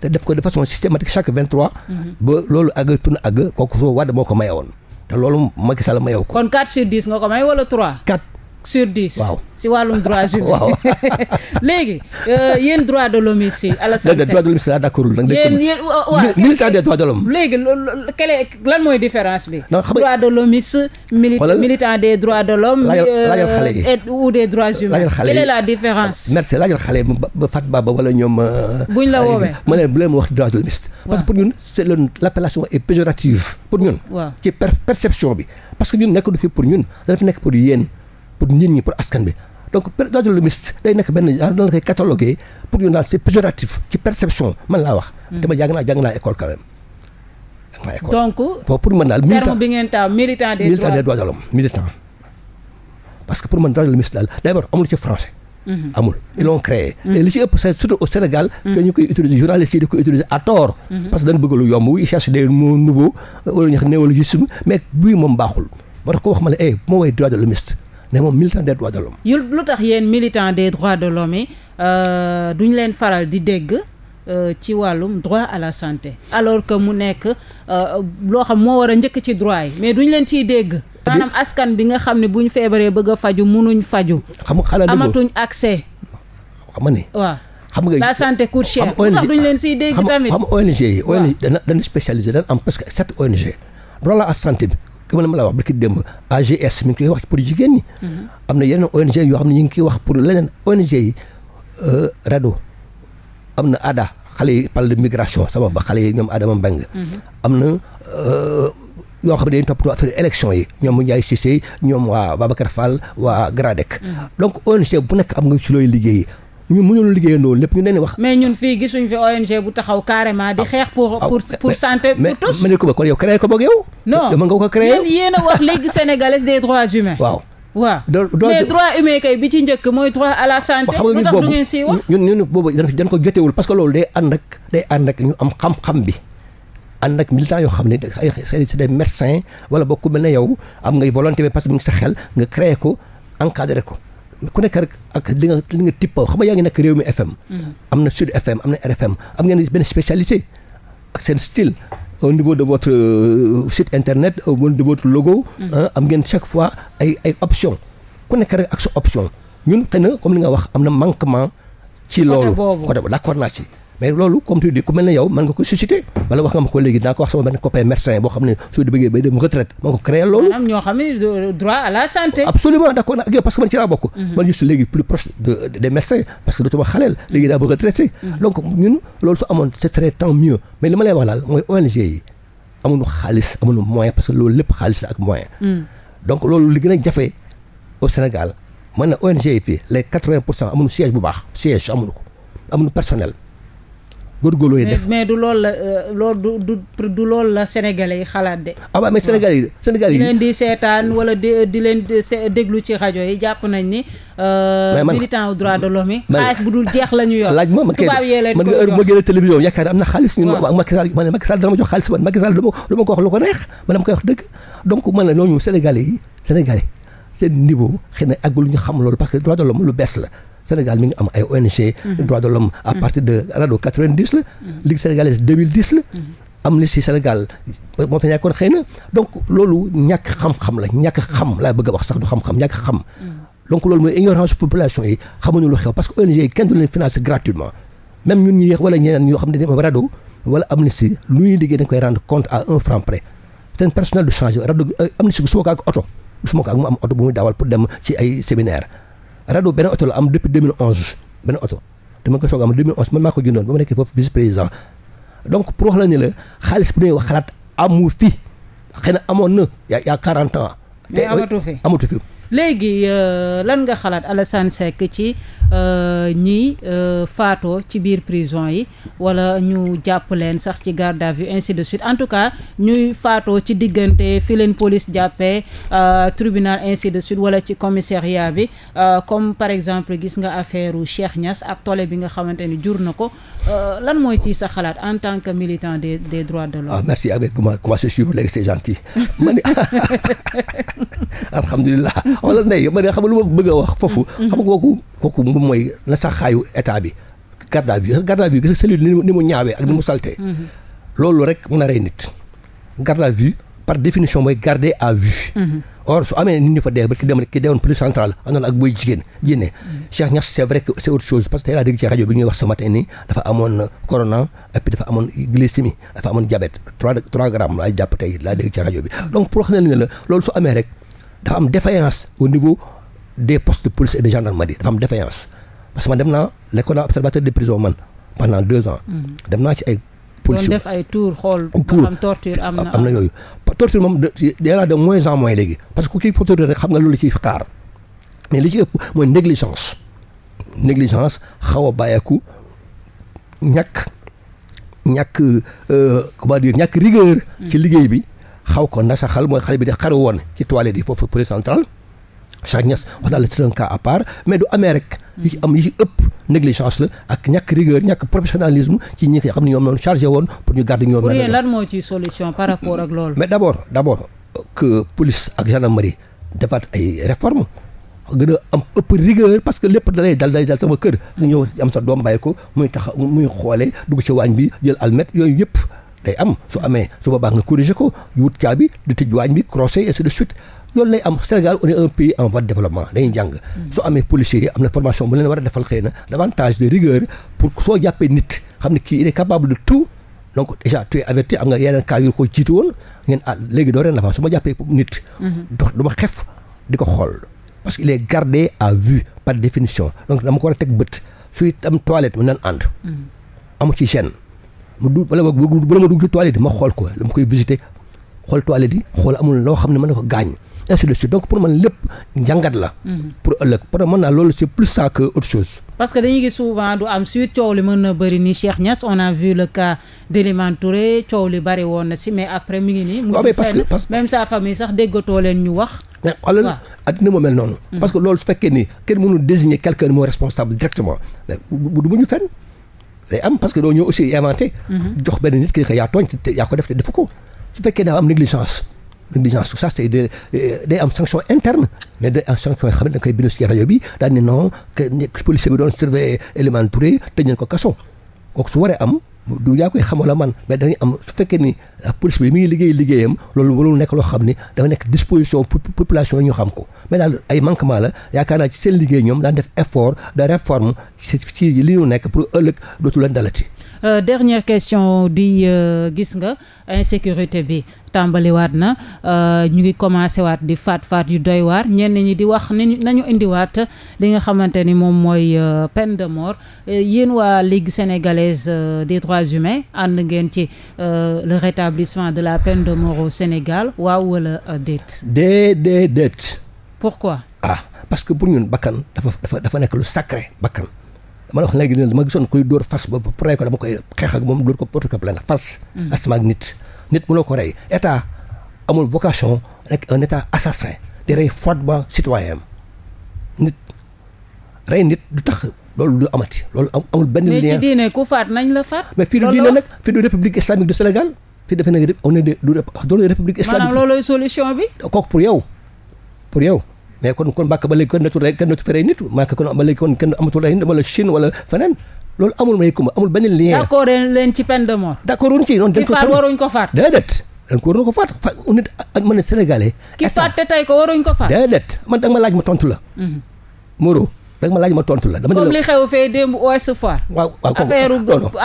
te def ko de façon systématique chaque 23. Mm-hmm. ba loolu àgg fi mu àgg kooku foofu Wade moo ko mayewoon te loolu Macky Sall mayewu ko. kon 4 sur 10 ko may wala 3. 4. sur dix waaw si wàllum droit humain [laughs] waaw [laughs] léegi euh, yéen droit de l'homme yi si Alassane Sène droit de l'homme si laa d'accordul nag de l'homme léegi quel est lan mooy différence bi droit de l'homme mili militant des droits de l'homme laajal euh, xale yi ou des droits humains laajal xale yi quelle est la différence merci laajal xale yi ba Fatou Baba wala ñoom euh, buñ la woowee ma ne bu leen wax droit de l'homme parce que pour ñun c'est l'appellation est péjorative pour ñun ci perception bi parce que ñun nekk du fi pour ñun fi nekk pour yéen pour nit ñi pour askan bi donc radiolémiste day nekk benn genre ah, dana koy catalogué pour ñu naan c'est péjoratif ci perception man laa wax. dama mm. jàng naa jàng naa jàng naa école donc. bon pour man droits de l'homme militant. parce que amul ci français. Mm-hmm. amul ils l'ont créé. Mm-hmm. ci ëpp surtout au Sénégal. Mm-hmm. que ñu koy utiliser journalistes yi di koy utiliser à parce que dañu bëgg lu yomb wu cherche des mots nouveaux wala ñu xam néologisme mais bii moom baaxul. moo tax ko wax ma eh, ne moom militant des droits de l'homme yu lu tax yéen militant des droits de l'homme yi euh, duñ leen faral di dégg euh, ci wàllum droit à la santé alors que mu nekk euh, loo xam moo war a njëkk ci droit yi mais duñ leen ciy dégg maanaam askan bi nga xam ne buñ feebaree bëgg faju mënuñ faju xam nga xanaa amatuñ accès xam nga ne waaw xam nga la santé coûte cher lu tax duñ leen siy dégg tamit xam ONG yi ONG dana dana spécialisé dana am presque sept ONG droit à la santé bi wala ma la wax barki démb AGS mi ngi koy wax pour jigéen ñi. Mm-hmm. am na yeneen ONG yoo xam ne ñu ngi koy wax pour leneen ONG yi euh, RADDHO na ADHA xale yi parle de migration sabab ba xale yi ñoom Adama Mbeng mm-hmm. am na euh, yoo xam ne dañuy toppatoo affaire élection yi ñoom Ndiaye Cissé ñoom waa Babacar Fall waa Gradec mm-hmm. donc ONG bu nekk am nga ci liggéey. ñun mënul liggéeyandoo lépp ñu leen wax. mais ñun fii gisuñ fi ONG bu taxaw carrément di ah. xeex. pour ah, pour santé pour tous. mais ko yow créé ko boog yow. non ko créé yéen yéen a wax léegi sénégalaise des droits humains. waaw. waaw mais droit mooy droit à la santé. lu ko jotewul parce que loolu day ànd ak day ànd ak ñu am xam-xam bi ànd ak militant yoo xam ne ay c'est des médecins wala bokk mel ne am ngay volonté bi parce que mu ngi sa xel nga créé ko encadré ko. ku nekk rek ak li nga li nga tippaw xam nga yaa ngi nekk Rewmi FM. Mm-hmm. am na Sud FM am na RFM am ngeen benn spécialité ak seen style. au niveau de votre euh, site internet au niveau mm-hmm. am ngeen chaque fois ay ay option ku nekk rek ak sa option ñun xëy na comme li nga wax am na manquement. ci loolu côté boobu d'accord naa ci. mais loolu comme tu dis ku mel ne yow nga ko susciter wala wax nga ma ko léegi dinaa ko wax sama benn copain médecin boo xam ne su di bëggee bay dem retraite mën nga ko créer loolu maanaam ñoo xam ne droit à la santé absolument d'accord que mhm. mhm. donc ñun loolu su amoon c'est très tant mais li ma lay wax daal mooy ONG yi amuñu xaalis amuñu moyen parce loolu lépp xaalis la ak moyen mhm. donc loolu li jafe au Sénégal mën na ONG yi fii les quatre-vingt pour cent amuñu siège bu baax siège amuñu góorgóorlu lay def mais du loolu la euh, lool du du du la sénégalais yi xalaat de. ah waaw mais sénégalais yi sénégalais yi. di leen di seetaan wala di di leen déglu ci rajo yi jàpp nañ ni. Euh, militant droit de l'homme yi. xaalis bu dul la ñu yor. laaj ma man nga heure bu génnee télévision yaakaar ne am na xaalis. ñun ma Macky Sall ma ne Macky Sall dana ma jox xaalis man Macky du ma du ma ko wax lu ko neex ma dama koy wax dëgg donc man la ñooñu sénégalais yi sénégalais seen niveau xëy na àggul ñu xam loolu parce que droit de bees la Sénégal mi ngi am ay ONG. Mhm. droit de l'homme à mhm. partir de rajo 90 la. Mhm. Ligue sénégalaise la. am si Sénégal moo fi nekkoon xëy na donc loolu ñàkk xam-xam la ñàkk xam laa bëgg a wax sax du xam-xam ñàkk xam. donc loolu mooy ignorance population yi xamuñu lu xew parce que ONG yi kenn du leen financé gratuitement même ñun ñi wala ñeneen ñoo xam ne dañoo rajo wala Amnesty lu ñuy liggéey dañ koy rendre compte à un franc près seen personnel du changé rajo euh, Amnesty su oto su ma ko ak dawal pour dem ci ay séminaire rajo benn oto la am depuis 2011 benn oto dama ko soog am 2011 man maa ko jëndoon ba ma nekkee foofu vice président donc pour wax la ni la xaalis bu ñuy wax xalaat amu fi xëy na amoon na y' a y' a 40 ans. mais amatu amatu fi. léegi euh, lan nga xalaat Alassane Seck ci euh, ñiy euh, faatoo ci biir prison yi wala ñu jàpp leen sax ci garde à vue ainsi de suite en tout cas ñuy faatoo ci diggante fi leen police jàppee tribunal ainsi de suite wala ci commissariat bi comme par exemple gis nga affaire Cheikh ñas ak tole bi nga xamante ni jur na ko lan mooy ci sa xalaat en tant que militant des des droits de l'homme ah merci Agathe comment comment se suivre léegi c'est gentil [laughs] ma ne [laughs] alhamdulilah wala ndey ma ne xam nga lu ma bëgg a wax foofu. Mhm. xam nga kooku kooku moom mooy na saxaayu état bi. garde à vue garde à vue gis nga cellule ni mu ñaawee ak ni mu saltee. Mhm. Mhm. loolu rek mën a rey nit. garde à vue par définition mooy garder à vue. or su amee nit nii dafa amoon corona et dafa amoon glycémie dafa amoon diabète trois grammes laay jàpp tey laa dégg ci rajo bi donc pour wax ne la loolu su amee rek dafa am défaillance au niveau des postes de police et de gendarmerie dafa am défaillance parce que man dem naa l'école observateur des prisons man pendant deux ans. Mm. dem naa ci ay. police def ay tour xool. tour xam am na yooyu. torture moom de de moins en moins léegi parce que ku ciy torture rek xam nga loolu li ci ëpp mooy négligence. négligence xaw a bàyyeeku ñàkk ñàkk euh, comment dire ñàkk rigueur. Mm. ci liggéey bi. xaw ko nasaxal mooy xale bi di xare woon ci toilette yi foofu police centrale Cheikh Niass wax naa la c'est un cas à mais du amee rek. yi ci am yi ci ëpp négligence la ak ñàkk rigueur ñàkk professionnalisme ci ñi nga xam ne ñoom ñoo chargé woon pour ñu garder ñoom. mel lan moo ci solution par rapport ak loolu. mais d' abord d' abord que defaat ay réformes. gën a am ëpp rigueur parce que lépp dalay dal dalay dal sama kër. nga ñëw am sa doom bàyyi ko muy tax muy xoolee dugg ci waañ bi jël almet yooyu yëpp day am su amee su boobaa nga corrigé ko wut kaa bi tëj waañ bi croisé et ainsi de suite loolu lay am Sénégal on un pays en voie de développement dañuy jàng mm. amee policiers yi am na formation bu leen war a defal xëy na davantage de rigueur pour soo jàppee nit xam ne kii il est capable de tout donc déjà tu averti am nga yeneen cas yu ko jiitu woon ngeen ah léegi doo ren avant su ma jàppee nit mm-hmm. du ma xef di ko xool parce que il est gardé a teg bët suy am toilette mu naan mu du bala ma bala ci toilette ma xool ko dama koy visité xool toilette xool amul loo xam ne mën na ko gaañ pour man la. pour ëllëg parce que mën naa loolu c'est plus ça que autre chose. parce que dañuy gis souvent du am suite coow li mën na bëri ni Cheikh Niass on a vu le cas coow li bëri woon na si mais après mi ngi nii. mu parce que même sa famille sax déggatoo leen ñu wax. mais xoolal addina moo mel noonu. parce que loolu su fekkee ni kenn mënu désigner quelqu'un day am parce que doo ñëw aussi inventé. Mhm. jox benn nit ki ne yaa tooñ te yaa ko def te defu ko su fekkee daa am négligence. négligence tout ça c'est de euh, day am sanction interne mais day am sanction yoo xam ne da koy bind ci rajo bi daal ne non bi doon surveiller élément Touré tëj ko kaso kooku su waree am. du yaa koy xam la man mais dañuy am su fekkee ni euh, police bi mi ngi liggéey liggéeyam loolu loolu nekk loo xam ni dafa nekk disposition population yi ñu xam ko mais daal ay manquement la yaakaar naa ci seen liggéey ñoom daan def effort de réforme ci li ñu nekk pour ëllëg dootul la dalati Euh, dernière question di euh, gis nga insécurité bi tàmbaliwaat na euh, ñu ngi commencé waat di faat faat yu doy waar ñenn ñi di wax ni nañu indiwaat li nga xamante ni moom mooy peine de mort yéen waa Ligue sénégalaise des droits humains ànd ngeen ci le rétablissement de la peine de mort au Sénégal waaw wala déet. déedéet. pourquoi. ah parce que pour ñun bakkan dafa dafa dafa nekk lu sacré bakkan. dama la wax léegi ne dama gisoon koy dóor fas ba rey ko dama koy xeex ak moom dóor ko ko plainte fas mm-hmm. asma ak nit nit ko rey état amul vocation rek un état assassin di rey froidement citoyen nit rey nit tax loolu du amati loolu amul benn lien mais ci diine nañ la faat mais fii du diine nag fii du république islamique du Sénégal fii defe na on est du doon république bi kooku pour yow pour yow mais kon kon Mbàkke ba léegi kenn natul kenn nit Mbàkke kon ba kon kenn amatul ay nit wala Chine wala feneen loolu amul may kumba amul benn lien. d'accord leen ci ci noonu dañ ko. faat ko faat. déedéet man sénégalais. ma laaj ma tontu la. Moreau danga ma laaj ma tontu la. dama li xew fee démb Ouest Foire. waaw waaw affaire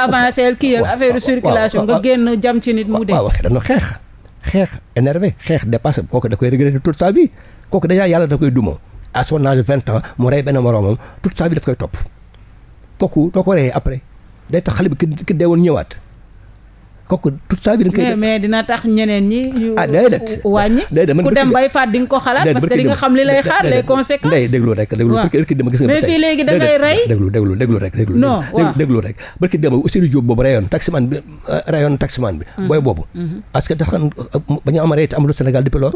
avancée kii affaire circulation nga génn jam ci nit mu dee. xeex énervé xeex dépassé kooku da koy regretter toute sa kooku déjà yàlla da koy duma à son âge vingt ans mu rey benn moroomam toute sa vie daf koy topp kooku doo ko reyee après day tax xale bi ki ki woon ñëwaat. kooku tout ça bi dañ koy. mais mais dina ah, wàññi ku dem bay faat di ko xalaat parce que di nga xam li lay xaar les conséquences. mais fii léegi da ngay rey déglu déglu déglu rek. non waaw déglu rek barki dama Ousseynou Diop boobu rayon taximan rayon taximan bi. Euh, mm-hmm. booy boobu. Mm-hmm. parce tax ba ñu am rey te amul Sénégal depuis lors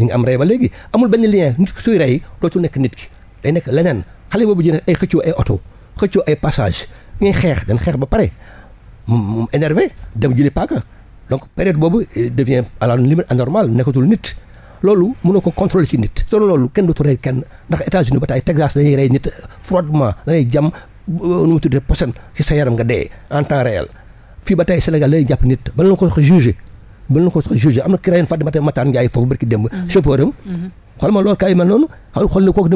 ñu ngi am rey ba léegi amul benn lien nit suy rey dootul nekk nit ki day nekk leneen xale boobu jënd ay xëccoo ay oto xëccoo ay passage ngay xeex dañ xeex mu énervé dem jëli paaka donc période boobu euh, devient à la limite anormale nekkatul nit loolu mënoo ko contrôler ci nit solo loolu kenn dootu rey kenn ndax États-Unis ba tey Texas dañuy rey nit froidement dañuy jam euh, nga dee en fii ba tey Sénégal dañuy jàpp nit ba la ba la ko jugé am na ki reyoon Fatimata Mataan Njaay foofu barki démb mm-hmm. chauffeur am mm-hmm. xool ma loolu kay mel noonu xool ne kooku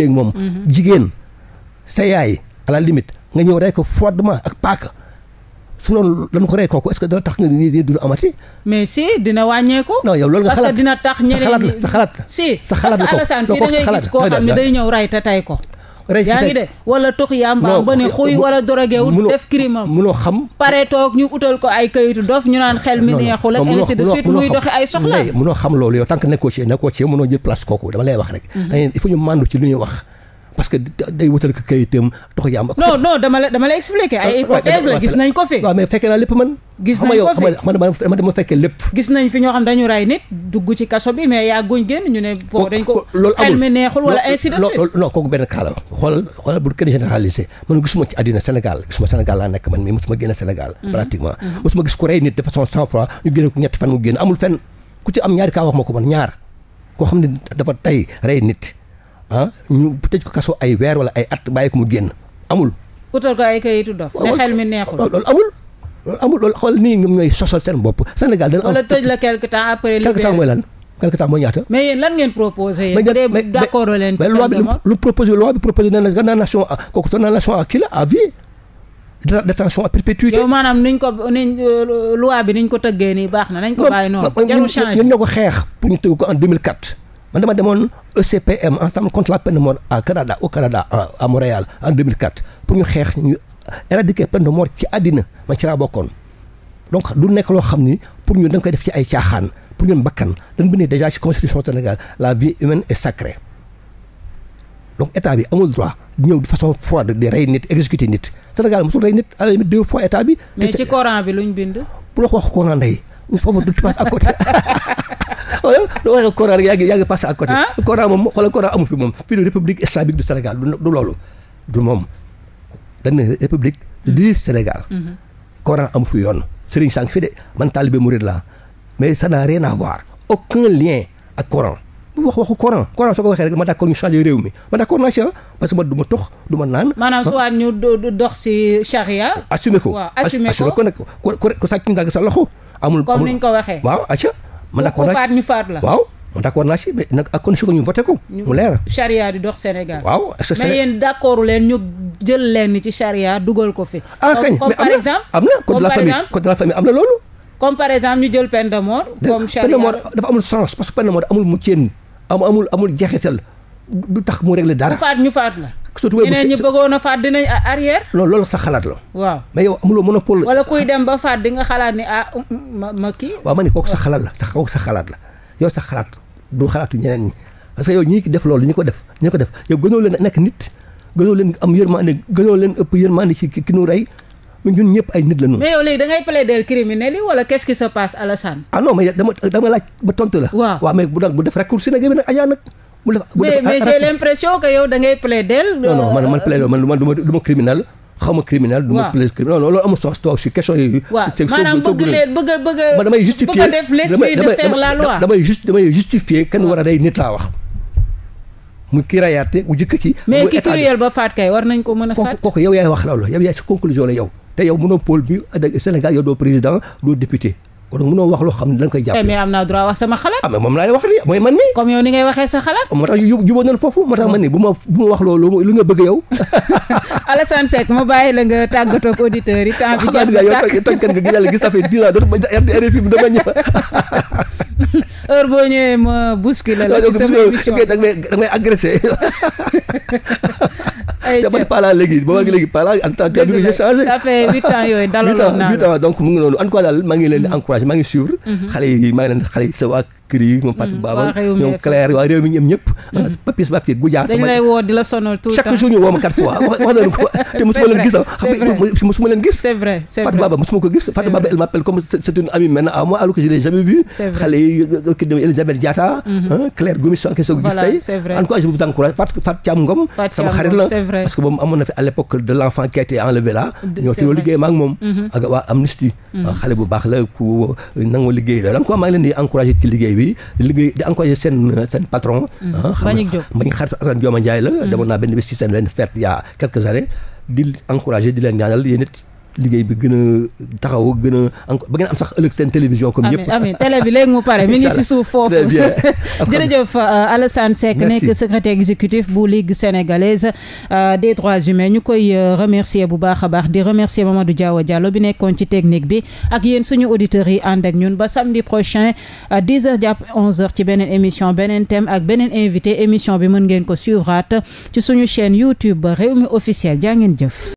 mm-hmm. sa yaay à limite nga ñëw rey ko froidement ak paaka su doon lan ko rey kooku est-ce que dina tax nga nii du amati. mais si dina wàññeeku. non yow loolu nga xalaat parce que dina sa xalaat la sa xalaat la. sa xalaat la ko si parce ñëw rey te tay ko. rey yaa ngi de wala tux yàmba ba ne xuy wala dorogewul def crime am munoo xam pare toog ñu utal ko ay kayitu dof ñu naan xel mi neexul ak ainsi de suite muy doxi ay soxla munoo xam loolu yow tant nekkoo ci nekkoo ci munoo jël place kooku dama lay wax rek mhm. dañu lu ñuy parce que day wutal ko kayitam tax yi am. non non dama la dama la expliquer. ay ah, hypothèse la gis nañ ko fi. waaw mais fekkee naa lépp man. gis nañ ko fi xam dañu ray nit dugg ci kaso bi mais yaa guñ génn ñu ne. boo dañ ko xel mi neexul wala Sénégal gisuma Sénégal laa nekk mhm. Mhm. gis ku rey nit de façon cent ñu génne ko ñetti fan mu génn amul fenn ku ci am ñaari kaa wax ma ko man ñaar koo xam ne dafa tay rey nit ah ñu tëj ko kaso ay weer wala ay at bàyyi ko mu génn amul. utal ko ay kayitu dof. te xel mi neexul loolu amul. loolu amul loolu xool nii ñoom ñooy sosal seen bopp Sénégal dana am. wala tëj la quelque temps après. libéré quelque temps mooy lan quelque temps mooy ñaata. bi lu ko niñ euh, loi bi ko tëggee nii baax na nañ ko bàyyi noonu. jarul changé ñun ñoo ko xeex pour man dama demoon ECPM ensemble contre la peine de mort à Canada au Canada en pour ñu xeex ñu éradiquer peine ci àddina man ci laa bokkoon donc du nekk loo xam ni pour ñun da nga koy def ci ay caaxaan pour ñun bakkan dañ bind déjà ci constitution Sénégal la vie humaine est sacrée donc état bi amul droit ñëw de façon froide di rey nit exécuter nit Sénégal mosul rey nit à la deux fois état bi. mais ci coran bi luñ bind. pour wax wax coran il faut que tu passes à côté xoolal loo waxee Coran rek yaa moom fi moom république islamique du Sénégal du loolu du moom dañ ne république du mm-hmm. Sénégal. Coran mm-hmm. amu fi yoon Serigne Sang fi de man talibé mouride laa mais ça n'a rien à aucun lien ak Coran. bu wax waxu Coran Coran soo ko waxee rek ma d'accord ñu changé réew mi ma d'accord naa si ah, parce que ma du ma tox du ma naan. maanaam ah. soit ñu dox si charia. assumé ko assumé ko ku ku ku amul comme niñ ko waxee. waaw acca man d'accord ku faat faat la waaw. d' accord naa ci ñu voté ko. mu leer charia di dox Sénégal. waaw est d' accord leen ñu jël leen ci charia dugal ko fi. ah kañ am na am na code de la famille am na loolu. comme par exemple ñu jël peine de mort. comme charia peine de mort dafa amul sens parce que peine amul mucceen amul amul jeexital du tax mu régler dara. faat ñu faat la. surtout ñeneen ñi bëggoon a faat dinañ arrière. loolu loolu sa xalaat la. waaw mais yow amuloo monopole. wala kuy dem ba faat di nga xalaat ni ah mm, mm, ma ma kii. waaw ma ne kooku sax xalaat la sa kooku sa xalaat la yow sax xalaat du xalaatu ñeneen ñi parce que yow ñi def loolu ñi ko def ñi ko def yow gënoo leen nekk nit gënoo leen am yërmande gënoo leen ëpp yërmande ci ki nu rey ñun ñëpp ay nit la ñu. mais yow léegi da ngay plaider criminel wala qu'est-ce qui se passe ah ma tontu la. waaw waaw mais bu def raccourci nag yow nag Adja bu def mais mais j'ai l'impression que yow da ngay plaidel. non non man man euh, plaidel man du ma du ma criminel. xaw ma criminel du ma plaidel criminel non loolu amul sens toog si question yooyu. waaw maanaam bëgg leen bëgg a bëgg a damay justifier bëgg a def l'esprit de faire la loi damay juste damay justifier kenn war a day nit laa wax. mu kii rayaate bu jëkk ki. mais ki kuréel ba faat kay war nañ ko mën a faat. kooku yow yaay wax loolu yow yaay si conclusion la yow te yow monopole bi Sénégal yow doo président doo député kon mënoo wax loo xam ne dañ koy jàpp eh, mais am naa droit wax sama xalaat ah mais moom laay wax ni mooy man mi comme yow ni ngay waxee sa xalaat moo tax jubóo nañ foofu moo tax man ni bu ma bu ma wax nga bëgg yow [laughs] Alassane Seck ma bàyyi la nga tàggatoog auditeurs yi temps bi jeex na yow toj kan ma RFI bi dama ñëw [laughs] heure boo ñëwee ma bousculer la [laughs] ci sama émission da nga may te eh, man Palla léegi booba léegi Palla en tant que j'ai changé. ça fait huit ans yooyu eh, dalaloon naa la huit ans donc mu ngi noonu en tout cas daal maa ngi leen di encouragé mhm. maa ngi yi mhm. maa ngi leen yi sa kër yi mm, ñoom Fatou mm. ma quatre fois wax nañu ko [laughs] te mosuma leen gis a mosuma leen gis comme c'est une amie maintenant à moi alors que je yi euh, euh, ki dem Elisabeth Diatta mm-hmm. soo encourage Fatou Fatou Ngom sama xarit parce que moom amoon na fi à l'époque de l'enfant qui a été enlevé là ñoo ci liggéey maa ngi moom mm-hmm. ak waa Amnesty mm-hmm. xale bu baax la ku nangoo liggéey la da nga ko maa ngi leen liggéey bi bi liggéey di encouragé seen euh, seen patron. Mbagnick mm. ah, Diop xam nga xarit Assane la. Mm. demoon naa benn bés ci seen benn fête il y a di encouragé di leen ñaanal yéen it liggéey bi gën taxaw gën a ba ngeen am sax ëllëg seen télévision comme ñëpp amiin télé bi léegi mu pare mi ngi ci suuf foofu très bien [laughs] jërëjëf euh, Alassane Seck nekk secrétaire exécutif bu Ligue sénégalaise euh, des droits humains ñu koy euh, remercier bu baax a baax di remercier du Diawa Diallo bi nekkoon ci technique bi ak yéen suñu auditeurs yi ànd ak ñun ba samedi prochain 10 heures jàpp 11 heures ci beneen émission beneen thème ak beneen invité émission bi mën ngeen ko suivraat ci suñu chaîne YouTube Rewmi officiel jaa ngeen jëf